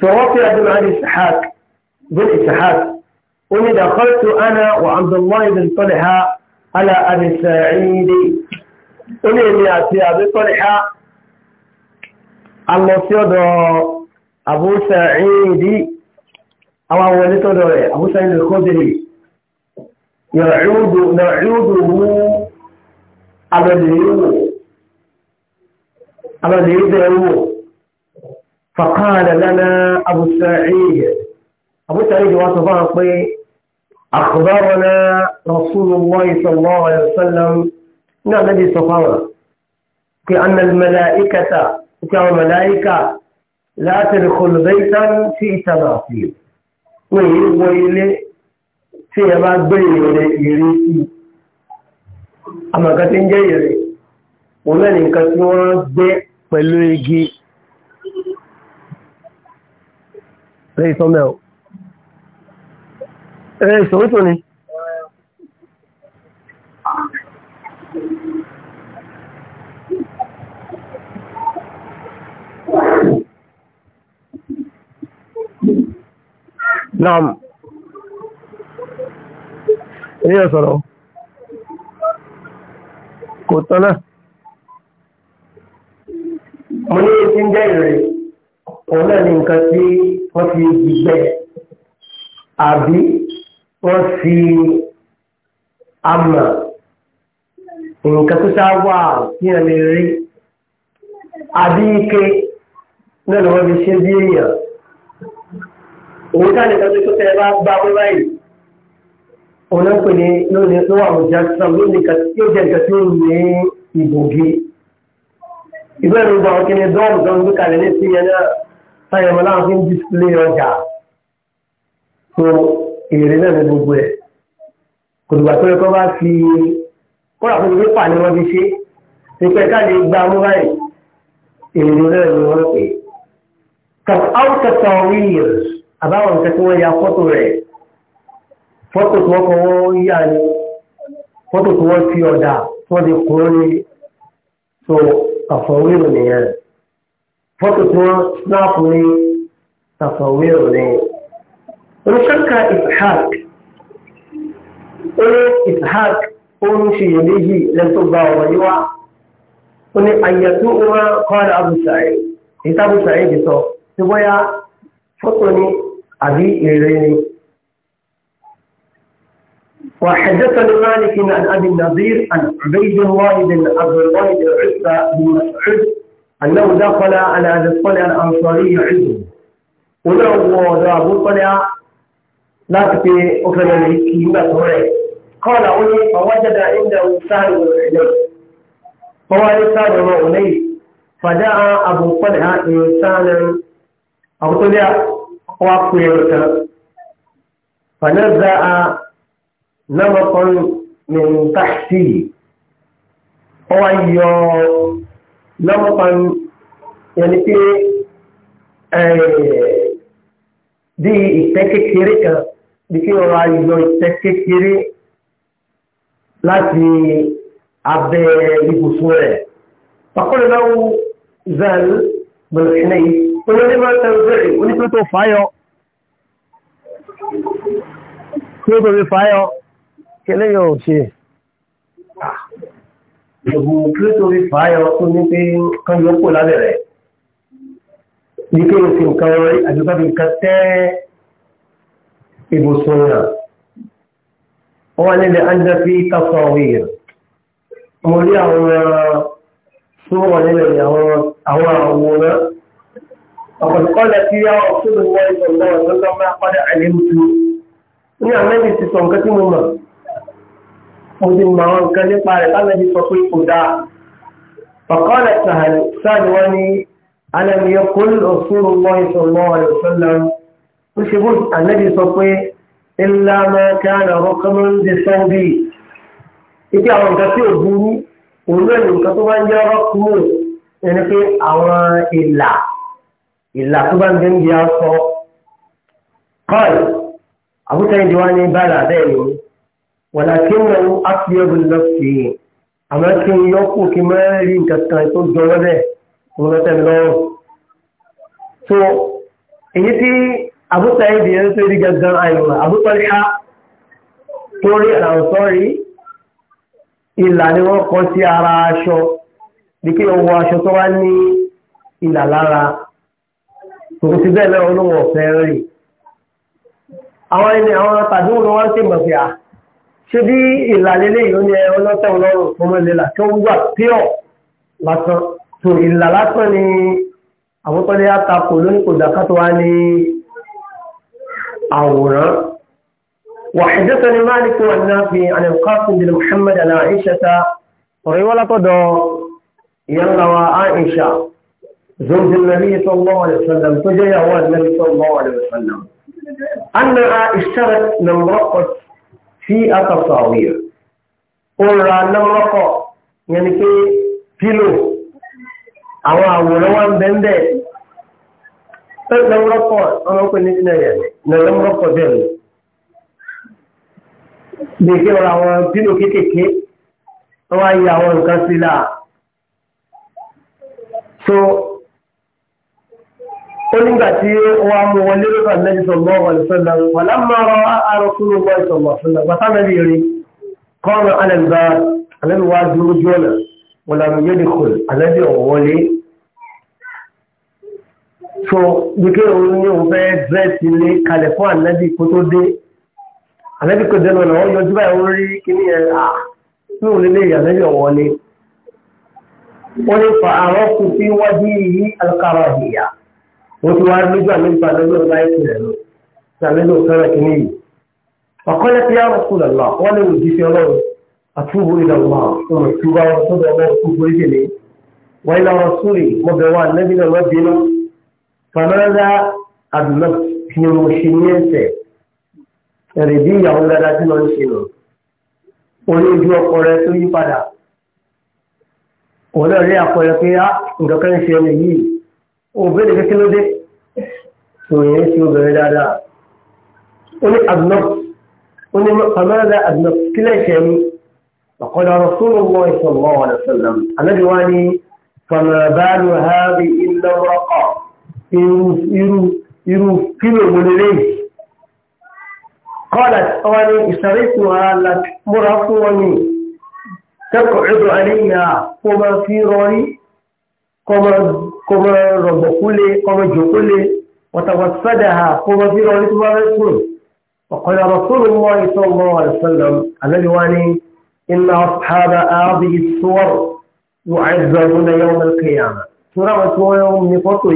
فرافع بن أبي إسحاق بن إسحاق قل دخلت أنا وعبد الله بن طلحة على أبي سعيد قل إني أبي طلحة الله أبو سعيد أو ولده أبو سعيد الخدري فقال لنا أبو سعيد أبو سعيد وصفه أخبرنا رسول الله صلى الله عليه وسلم نعم الذي صفه أن الملائكة pé àwọn màláíkà látẹ̀lẹ̀ kọlùbẹ́ta sí ìtàlà àfihàn wọ́n èyí wọ ilé tí ẹ bá gbé ìrẹ̀ ìrẹ̀ sí àmàkà tí ń jẹ́ ìrẹ̀ wọ́n mẹ́rin nǹkan tí wọ́n gbé pẹ̀lú igi rẹ̀ ìsọ́mẹ́ o rẹ̀ ìsọ́mẹ́ Naam. Ilé ọ̀sọ̀rọ̀. Kò tán Mo ní ti ń jẹ́ ìrẹ̀. Òun náà ni nǹkan tí wọ́n fi gbígbẹ́. Àbí wọ́n fi amọ̀. Nǹkan tó ṣá wà tí wọ́n lè rí. Àbí ike náà ni wọ́n fi ṣe bí èèyàn òun káàdì kan tó tẹ́ bá bá wọ́n báyìí òun náà pè ní lónìí tó wà òun jásùsà lónìí yóò jẹ́ nǹkan tó ní ìbògì ìgbẹ́ ìlú gba òkè ní dọ́ọ̀mù tó ń gbé kalẹ̀ ní sí ẹ̀dá sáyẹ̀mọ́ láwọn fi ń dísílé ọjà tó èrè náà ní gbogbo ẹ̀ kò dùgbà tó yẹ kó bá fi kóra fún mi pàdé ni àbáwọn nǹkan tí wọ́n ya fọ́tò rẹ̀ fọ́tò tí wọ́n fọwọ́ yà ni fọ́tò tí wọ́n fi ọ̀dà tí wọ́n ti kúrò ní so àfọwérò nìyẹn fọ́tò tí wọ́n snap ní àfọwérò ní. oníṣẹ́ka ishaq ó ní ishaq ó ń ṣe iyèméjì lẹ́nu tó gba ọ̀rọ̀ yìí wá ó ní àyẹ̀tú wọn kọ́ ẹ̀ abùsàì ìtàbùsàì sọ ṣùgbọ́n ya fọ́tò ní. أبي èrè وحدثنا مالك عن ابي النظير عن عبيد الله بن عبد الله بن عتبه بن مسعود انه دخل على ابي الطلع الانصاري عزه ولو ابو الطلع لا تكي اخرى من قال أولي فوجد عنده سهل بن حجر فوالد سهل بن فدعا ابو طلع انسانا ابو طلع wá pé ẹ̀rọ kan fànẹ́zà á lọ́mọkùnrin mìíràn táàsì ó wá yọ lọ́mọkùnrin yẹni pé bí ìtẹ́ kékeré kan bí kí wọ́n wá yọ ìtẹ́ kékeré láti abẹ́ ibùsùn rẹ̀. Fàkọ́lẹ̀ onípé tó fáyọ tí ó tóbi fáyọ kẹlẹ́ yọ ṣe ẹ̀bùn kí ó tóbi fáyọ tó ní pé kan yóò pò lábẹ̀ rẹ̀ ní kí o fi nǹkan àjọba fi nǹkan tẹ́ ibùsùn náà wọ́n nílẹ̀ andafi kásán wíyẹ̀ mo rí àwọn tó wọ́n nílẹ̀ àwọn àwòrán فقد قال فيها رسول الله صلى الله عليه وسلم ما قد علمت ní àmẹ́lì ti sọ nǹkan tí mo mọ̀ mo ti mọ̀ àwọn nǹkan nípa rẹ̀ tánàbí sọ pé kò dáa فقالت سهل وني ألم يقل رسول الله صلى الله عليه وسلم وشبوت النبي sọ pé إلا ما كان رقما بصوبي ìdí àwọn nǹkan tí ò burú òun náà nìkan tó bá ń jẹ́ rọ́kùnmù ẹni pé àwọn ìlà ìlà tó bá ń bẹ ń bí aṣọ kọ́ọ̀lù àbútẹ́yìndì wá ní bàrà bẹ́ẹ̀ ni wọ́n là kí wọ́n áfíẹ́bù lọ sí i àmọ́ kí n yọkù kí n rí nǹkan kan tó jọwọ́ bẹ́ẹ̀ mo lọ lọ́rùn. so èyí tí àbútẹ́yìndì yẹn tó rí gangan àyùmọ̀ àbútọ́lé ha tó rí àlàǹsọ́rí ìlà ni wọ́n kọ́ sí ara aṣọ bí kí wọ́n wọ aṣọ tó wá ní ìlà lára tòun ti bẹ́ẹ̀ náà olóhùn ọ̀fẹ́ rè àwọn ẹni àwọn tàbí òun wọn ṣe mọ̀ sí à ṣé bí ìlàlẹ́ lẹ́yìn ó ní ẹ ọlọ́tẹ̀ ọlọ́run tó mọ̀ lélà tó ń wà píọ̀ lásán tó ìlà lásán ni àwọn tọ́lé àtakò lónìí kò dàkátó wá ní àwòrán وحدثني مالك والنافع عن القاسم بن محمد عن عائشة وروى لقد يلا وعائشة زوج النبي صلى الله عليه وسلم تجي أول النبي صلى الله عليه وسلم أنها اشترت نمرقة في التصاوير قلنا نمرقة يعني في بيلو أو أولوان بندي نمرقة أنا أقول لك نجد نمرقة بيلو Bèkí ọ̀rọ̀ àwọn bílò kéékèèké, wọ́n á yí àwọn nǹkan sí láà. So, ó nígbà tí wọ́n mú wọn lérò kan lẹ́yìn sọ̀rọ̀ wọn sọ̀rọ̀ wọn lámọ̀rọ̀ arọ́kùnrin wọn sọ̀rọ̀ sọ̀rọ̀ bàtà mẹ́rin rí kọ́ọ̀nù alẹ́gbà alẹ́gbà dúró jọ́nà wọn làmú yẹ́dì kò alẹ́bí ọ̀wọ́lé. so wíkẹ́ òun ní òun fẹ́ dírẹ́sì lé kalẹ̀ fún alẹ́bí kó tó dé alẹ́bí kò dẹnu ọ̀nà wọn yọjú báyìí wọn rí kíní ẹ̀ à ní òun lélẹ̀ alẹ́bí ọ̀wọ́lé. wọ́n ní fa àrọ́kùn sí wájú yìí alukárọ̀ ó ti wá nígbà nípa lọ́jọ́ láì tilẹ̀ lọ sàlẹ́lò fẹ́rẹ̀ kìíní yìí ọ̀kọ́lẹ́ tí a rọ̀kù lọ́la wọ́n lè wò jíṣẹ́ ọlọ́run àtúbò ìdàgbà ọmọ ìtura ọ̀sọ́dọ̀ ọmọ ìkúgbò ìjèlè wọ́n ilẹ̀ ọ̀rọ̀ sórí mọ̀bẹ̀ wà lẹ́bí náà lọ́bí iná fanada àdùnnà kí ni mo ṣe ní ẹsẹ̀ ẹ̀rẹ̀ bí ìyàwó sòyìn tí obìnrin dáadáa ó ní adnox ó ní pamela adnox kílẹ̀ ṣe ní ọ̀kọ́dọ̀ rọ̀sùn mọ́ ìṣọ̀lọ́ ọ̀dọ̀sọ̀lọ́m anábì wá ní fàmàbáàlù hábi iná rọ́kọ̀ irú kílò mo lè léyìí قالت أولي اشتريتها لك مرافوني تقعد عليها وما في رأي كما ربكولي كما جوكولي وتوسدها قربي رسول الله وقال رسول الله صلى الله عليه وسلم الذي واني إن أصحاب هذه الصور يعذبون يوم القيامة سورة سورة يوم نقطه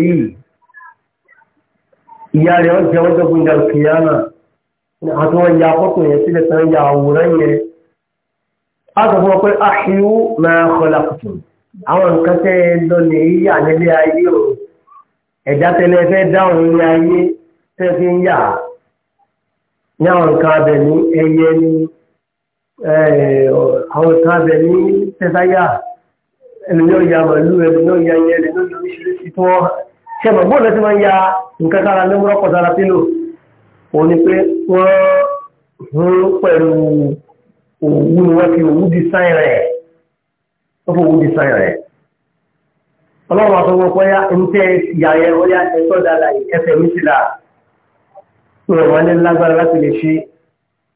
ìyá rẹ̀ ọjọ́ ọjọ́ gbogbo ìkìyàmà àti wọ́n ya fọ́tò yẹn sílẹ̀ tán ya àwòrán yẹn a sọ fún ọ pé àṣíwú máa kọlà kùtù àwọn nǹkan tẹ́ ẹ lọ lè yí àlẹ́lẹ́ ayé òun ẹ̀dá tẹ́lẹ̀ fẹ́ dáhùn ilé ayé tẹ́ fi ń yà ní àwọn nǹkan abẹ ní ẹyẹ ní àwọn nǹkan abẹ ní tẹ́sáyà ẹni yóò ya màálù ẹni yóò ya ẹyẹ ẹni yóò ya oríṣiríṣi tí wọ́n ṣe mọ̀ bóòlù tí wọ́n ya nǹkan sára ní rọ́pọ̀ sára pílò òun ni pé wọ́n hún pẹ̀lú òwú ni wọ́n fi òwú dísáìn rẹ̀ wọ́n fi òwú dísáìn rẹ̀ ọlọ́run àtọwọ́ pọ́yá ẹ̀mtẹ́ ìyàyẹ̀ ọ̀yá ẹ̀tọ́ dáadáa ẹ̀fẹ̀ mísìlá rẹ̀ wọ́n ní lágbára láti lè ṣe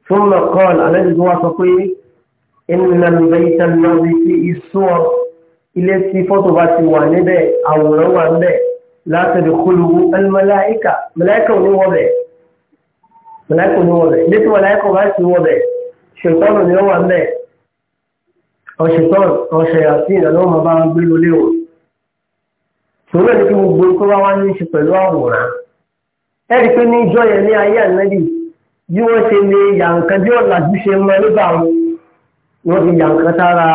fún mccall alẹ́dùn wa sọ pé ẹnìyàn lọ́gbẹ́ ìtàn náà bí sí ìṣó ilé tí fọ́tò bá ti wà níbẹ̀ àwòrán wà níbẹ̀ látọ̀dọ̀ kólúwú ẹlmọláìkà mọláìkà ò ní bẹ̀ mọláìkà ò ní wọ̀ bẹ̀ ṣòro ní kí gbogbo tó bá wá ní ṣe pẹ̀lú àwòrán ẹ̀rí pé ní ìjọ yẹn ní ayé ànábì bí wọ́n ṣe lè yà nǹkan bí ọ̀làjú ṣe mọ nígbà wọn ni wọ́n fi yà nǹkan sára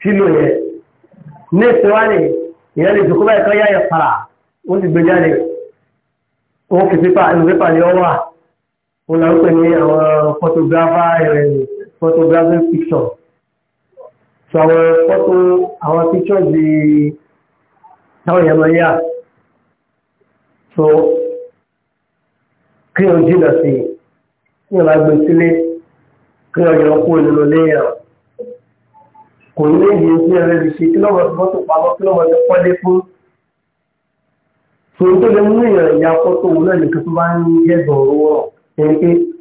fílò yẹn ní ìsinwáni ìyẹn lè dùkú báyìí kan yá yẹn para ó ti gbé jáde ó fi pépà ní pépà ní ọwọ́ à ó là ń pè ní àwọn photographer photographic picture so àwọn photo àwọn pictures bíi táwọn èèyàn máa yá so kí o jìnà sí ní ọ̀la gbé sílé kí o yọ kó nínú léèyàn kò ní èyí ní ẹ̀rẹ́ lè ṣe kí lọ́wọ́ tó tó pamọ́ kí lọ́wọ́ tó pọ́lé fún tòun tó lè mú èèyàn ìyá fọ́tò òun náà nìkan tó bá ń jẹ́ gbọ̀rọ̀ wọ̀ ẹni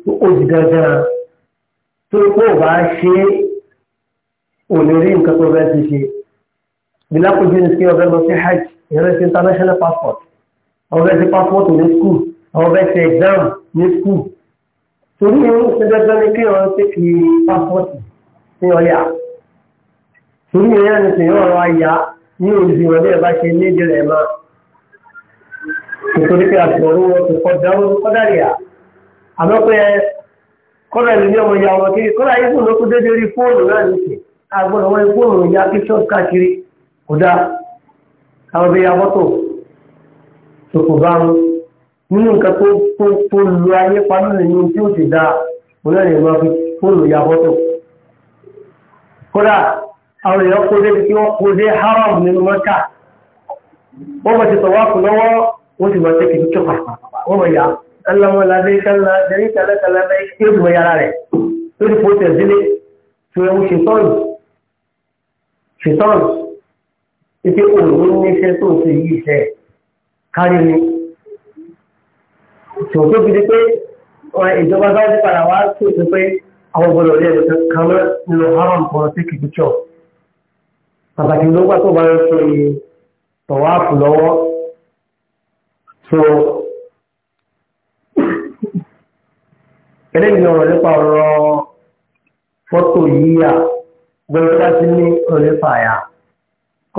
pé ó di dandan tó kó o bá ṣe ò nǹkan tó bẹ́ẹ̀ ti ṣe bilakojú ní kí ọ̀fẹ́ lọ sí hajj ìrẹ́ sí international passport ọ̀fẹ́ sí passport ní school ọ̀fẹ́ sí exam ní school torí irú ìṣẹ́jọ́jọ́ ní kí ọ̀rọ̀ sí fi passport ní ọ̀yà torí ìrẹ́ ní sí ọ̀rọ̀ ayá ní òdìdí wọn bí ẹ bá ṣe léde rẹ̀ máa nítorí pé àtìwọ̀rú wọn ti kọ́ dáwọ́ kọ́dàríà àmọ́ pé kọ́dà ìlú ní ọmọ ìyá wọn kiri kọ́dà yìí fún lókùn déédéé rí fóònù náà nìkè àgbọ̀dọ̀ wọn fóònù ìyá píṣọ́ káàkiri kódà káwọn bí abọ́tò tó kò bá wọn nínú nǹkan tó tó tó lu ayé paná lè ní tí ó ti da mo náà lè máa fi fóònù ya abọ́tò kódà àwọn èèyàn kó dé kí wọ́n kó dé haram nínú mọ́ta wọ́n bá ti tọ̀wá kù lọ́wọ́ wọ́n ti bá tẹ́kì tó tó pàpàpà wọ́n bá yà á. Allah ladai kalla dari kala kala dai ke duwa yara re to di pote zile to ya wuce ton shi ton ike òun níṣẹ́ tó ṣe yí iṣẹ́ kárí ni tó tó fi di pé ìjọba sáájú padà wá tó ṣe pé àwọn ọgbọ̀nà ilé ẹ̀rọ kan mọ́ nínú haram politik picture pàtàkì ló wá tó bá ń ṣe tọ̀wáàfù lọ́wọ́ so eléyìí ọ̀rọ̀ nípa ọ̀rọ̀ fọ́tò yíyà gbẹ̀rẹ̀ bá ní ọ̀rẹ́fà yà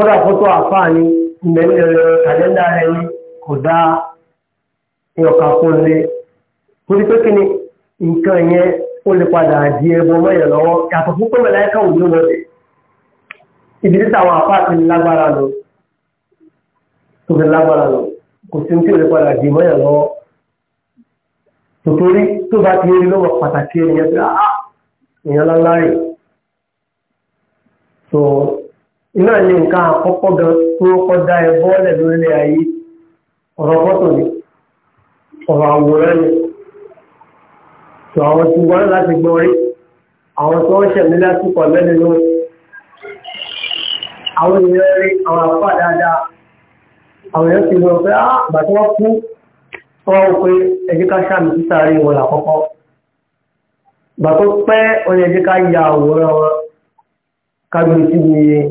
kódà fótó àfáàní ìmẹ̀lẹ̀ eh, kàlẹ́ndà rẹ̀ ní kò dá ìyọ̀kà fún lé torí pé kí ni nǹkan yẹn ó lè padà di ẹbọ mọ́yẹ̀ lọ́wọ́ yàtọ̀ fún pẹ́mẹ́lá ẹ̀ka òjò lọ rẹ̀ ibi tí àwọn àfáàtì lágbára lọ tó fi lágbára lọ kò sí ní tí ó lè padà di mọ́yẹ̀ lọ́wọ́ tòtórí tó bá ti rí lọ́wọ́ pàtàkì ẹ̀yẹ́ bí i ah, ah iná ní nǹkan àkọ́kọ́ gan tó kọ́ dá ẹ bọ́ọ̀lẹ̀ lórílẹ̀ ayé ọ̀rọ̀ fọ́tò ni ọ̀rọ̀ àwòrán ni tó àwọn tí wọ́n láti gbọ́ rí àwọn tó ń ṣẹ̀mí lásìkò mẹ́rin ló àwọn èèyàn rí àwọn àpá dáadáa àwọn èèyàn ti lọ pé àgbà ah, tí wọ́n kú wọ́n wọ́n pé ẹ̀jẹ̀ ká sàmì títà rí wọn làkọ́kọ́ ìgbà pẹ́ ọ̀nà ẹ̀jẹ̀ ká ya àwòrán wọn ká gbé e síbi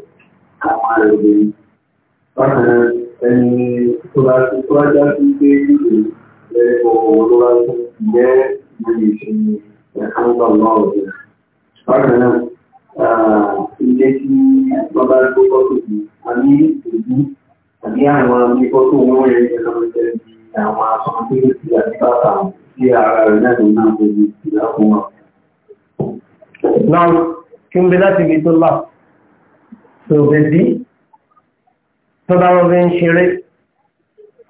àwọn ará obìnrin. Bákan náà ẹni tó bá ti tó bá já sí pé ìlú ọ̀hún ló bá tún jẹ́ ìlú ìṣẹ̀lẹ̀ ẹ̀ka ń bá wọn náà rẹ̀. Bákan náà ilé tí wọ́n bá gbé fọ́tò sí àbí èyí àbí àwọn àbí fọ́tò wọn rẹ̀ ẹ̀ka ń jẹ́ àwọn aṣọ tó ń ti àti bàtà sí ara rẹ̀ náà ló náà tó ń ti ìlà fún wọn. Náà kí n bẹ láti ibi tó láà lòbè bí tó bá wọn bí ń ṣeré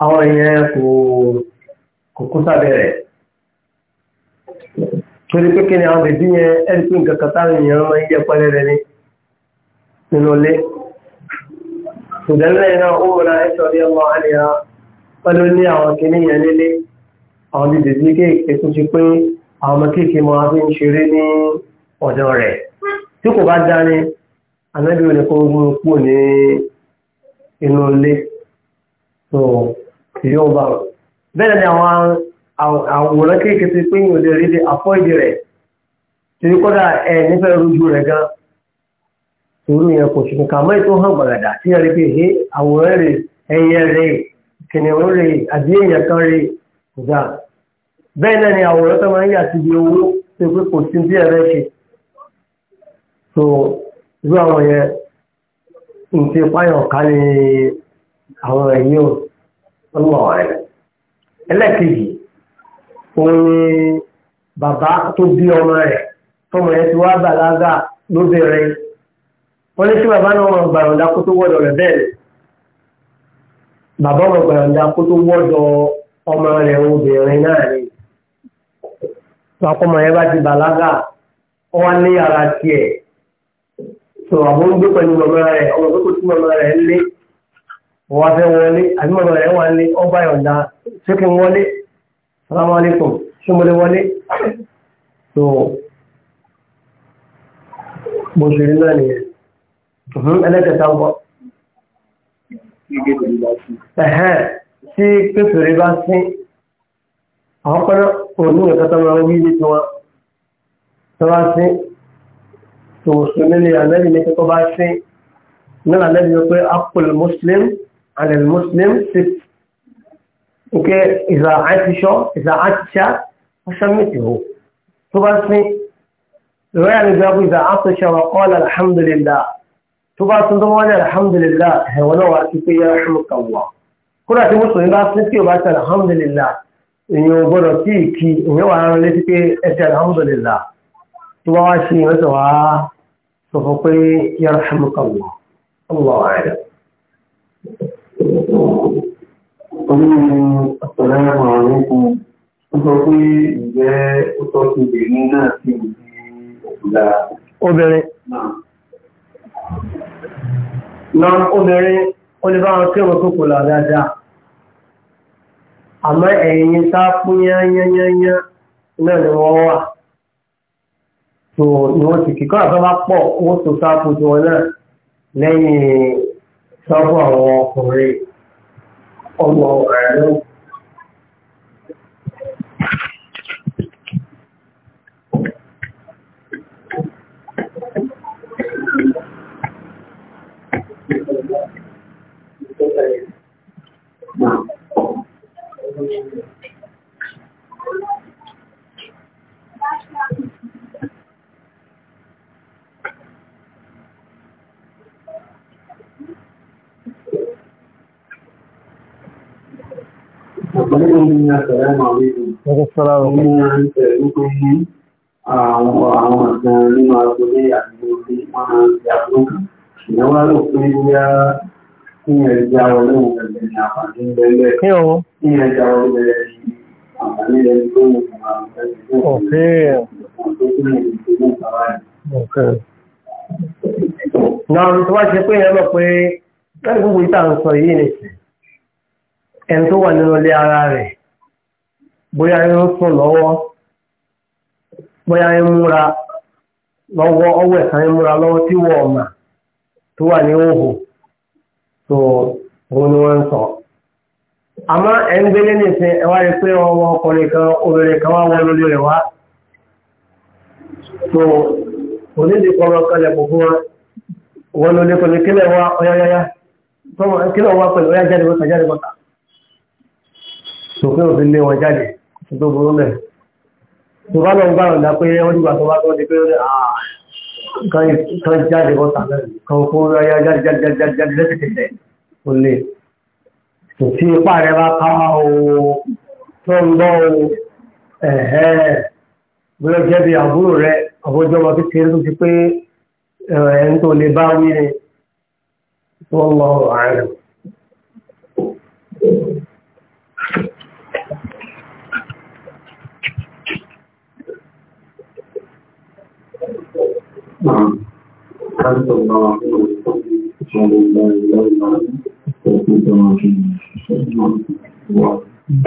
àwọn èèyàn kò kò kó sábẹ́ rẹ̀ torí ni àwọn bèbí yẹn ẹni pé nǹkan kan táwọn èèyàn máa ń jẹ pẹlẹ rẹ ni nínú ilé ìdẹ́lẹ́ náà ó múra ẹ̀ṣọ́ ní ọmọ àníyàn pẹ̀lú anábì ò ní kó mú kúrò ní inú ilé tó yóò bá wọn. bẹ́ẹ̀ ni àwọn àwòrán kéèké ti pín ìwòdì rẹ̀ di àfọ́ìdì rẹ̀ torí kọ́dà ẹ̀ nífẹ̀ẹ́ rújú rẹ̀ gan torí yẹn kò ṣùgbọ́n kà mọ́ ètò hàn gbàgàdà tí yẹn rí pé ṣé àwòrán rẹ̀ ẹ̀yẹ rẹ̀ kìnìún rẹ̀ àbí èèyàn kan rẹ̀ gbà. bẹ́ẹ̀ náà ni àwòrán tó máa ń yà síbi owó tó pé kò sí bí ẹ̀rẹ́ ṣe irú àwọn yẹn ń fi páyọ̀ ká ní àwọn ẹ̀yìn o wọ́n mọ̀ ọ̀rẹ́ rẹ̀ ẹlẹ́ẹ̀kejì òun ni bàbá tó bí ọmọ rẹ̀ tọmọ yẹn ti wá bàlágà lóbìnrin wọ́n ní kí bàbá náà wọn gbàyànjá kó tó wọ́dọ̀ rẹ̀ bẹ́ẹ̀ bàbá wọn gbàyànjá kó tó wọ́dọ̀ ọmọ rẹ̀ obìnrin náà ni wọn kọ́ ọmọ yẹn bá ti bàlágà wọ́n wá ní yàrá tiẹ̀ tó àwọn ń gbé pẹ̀lú màmá rẹ̀ ọmọ pé kò sí màmá rẹ̀ lé wọ́n fẹ́ wọlé àbí màmá rẹ̀ wà lé ọba ìyọ̀dá ṣé kí n wọlé salamu alaikum ṣé mo lè wọlé tó mo ṣe rí náà nìyẹn mhm, ẹlẹ́kẹta ń bọ̀ tí kéfèrè bá sí àwọn pẹ́lú òní ìkàtà wí ní tiwọn tó bá sí tó mùsùlùmí ni ànábì ní kíkọ́ bá sí náà ànábì ní pé apple muslim and el muslim sit nke ìzà àtìṣọ́ ìzà àtìṣà ọ̀ṣọ́mìtìhò tó bá sí ìwé àgbègbè àbú ìzà àtìṣà wà qala alhamdulillah tó bá tún tó wọ́n ní alhamdulillah ẹ̀wọ̀n náà wà sí pé yára ṣe mú kàwọ́ kódà tí mùsùlùmí bá sí tí ò bá sí alhamdulillah èèyàn ò gbọ́dọ̀ sí ìkí ìyẹn wà á rán létí pé ẹ tó wá wá ṣe ìwọ́n tó wá sọ fún pé yarhamukallah Allahu a'lam. Onímọ̀ ọ̀sọ̀lẹ́wọ̀n àlékún ó sọ pé ìjẹ́ ó tọ́ sí obìnrin náà sí ìdí òkúta. Obìnrin. Náà obìnrin ó lè bá wọn kéwọ́n tó kò là dáadáa àmọ́ ẹ̀yìn tá fún yányányányá náà ni wọ́n wà. tó ni wọ́n ti kíkọ́ àtọ́ bá pọ̀ wọ́n tó sáàpù tí wọ́n náà lẹ́yìn sáàpù àwọn ọkùnrin ọmọ ẹ̀rọ. you. Ìyàwó alóòfin yá kí ẹja ọlọ́run ẹgbẹ̀ ni àpàdé lẹ́lẹ́. Kí ọwọ́? Kí ẹja ọlọ́run ẹgbẹ̀ ni àpàdé lẹ́lẹ́ tó mú àwọn ẹgbẹ̀. Ọ̀fẹ́. Ọ̀fẹ́. Náà tó wá ṣe pé ẹ lọ pé, lẹ́gbẹ̀ẹ́ ẹni tó wà nínú ilé ara rẹ̀ bóyá ń sùn lọ́wọ́ bóyá ń lọ́wọ́ ọwọ́ ẹ̀sán ń lọ́wọ́ tí wọ́n ọ̀mà tó wà ní òhò tó òun ni wọ́n ń sọ. àmọ́ ẹ̀ ń gbélé nìsín ẹ wá rí pé ọwọ́ ọkùnrin kan obìnrin kan wá lórí rẹ̀ wá. tó onídìí kọ́ kalẹ̀ fún wọn sòfin òfin lé wọn jáde tó burú mẹ́ tó bá lọ gbà ọ̀dà pé wọ́n dìgbà tó bá tó di pé ah, kan jáde wọ́n tàbí kan kó ráyá jáde jáde jáde jáde jáde lẹ́sẹ̀kẹsẹ̀ ó lè kò sí ipá rẹ bá ká o tó ń bọ́ o ẹ̀hẹ́ bóyá jẹ́ bí àbúrò rẹ àbójọ́ ọmọ kékeré tó ti pé ẹ̀ ń tó lè bá wí ni wọ́n lọ àárín. Thank you.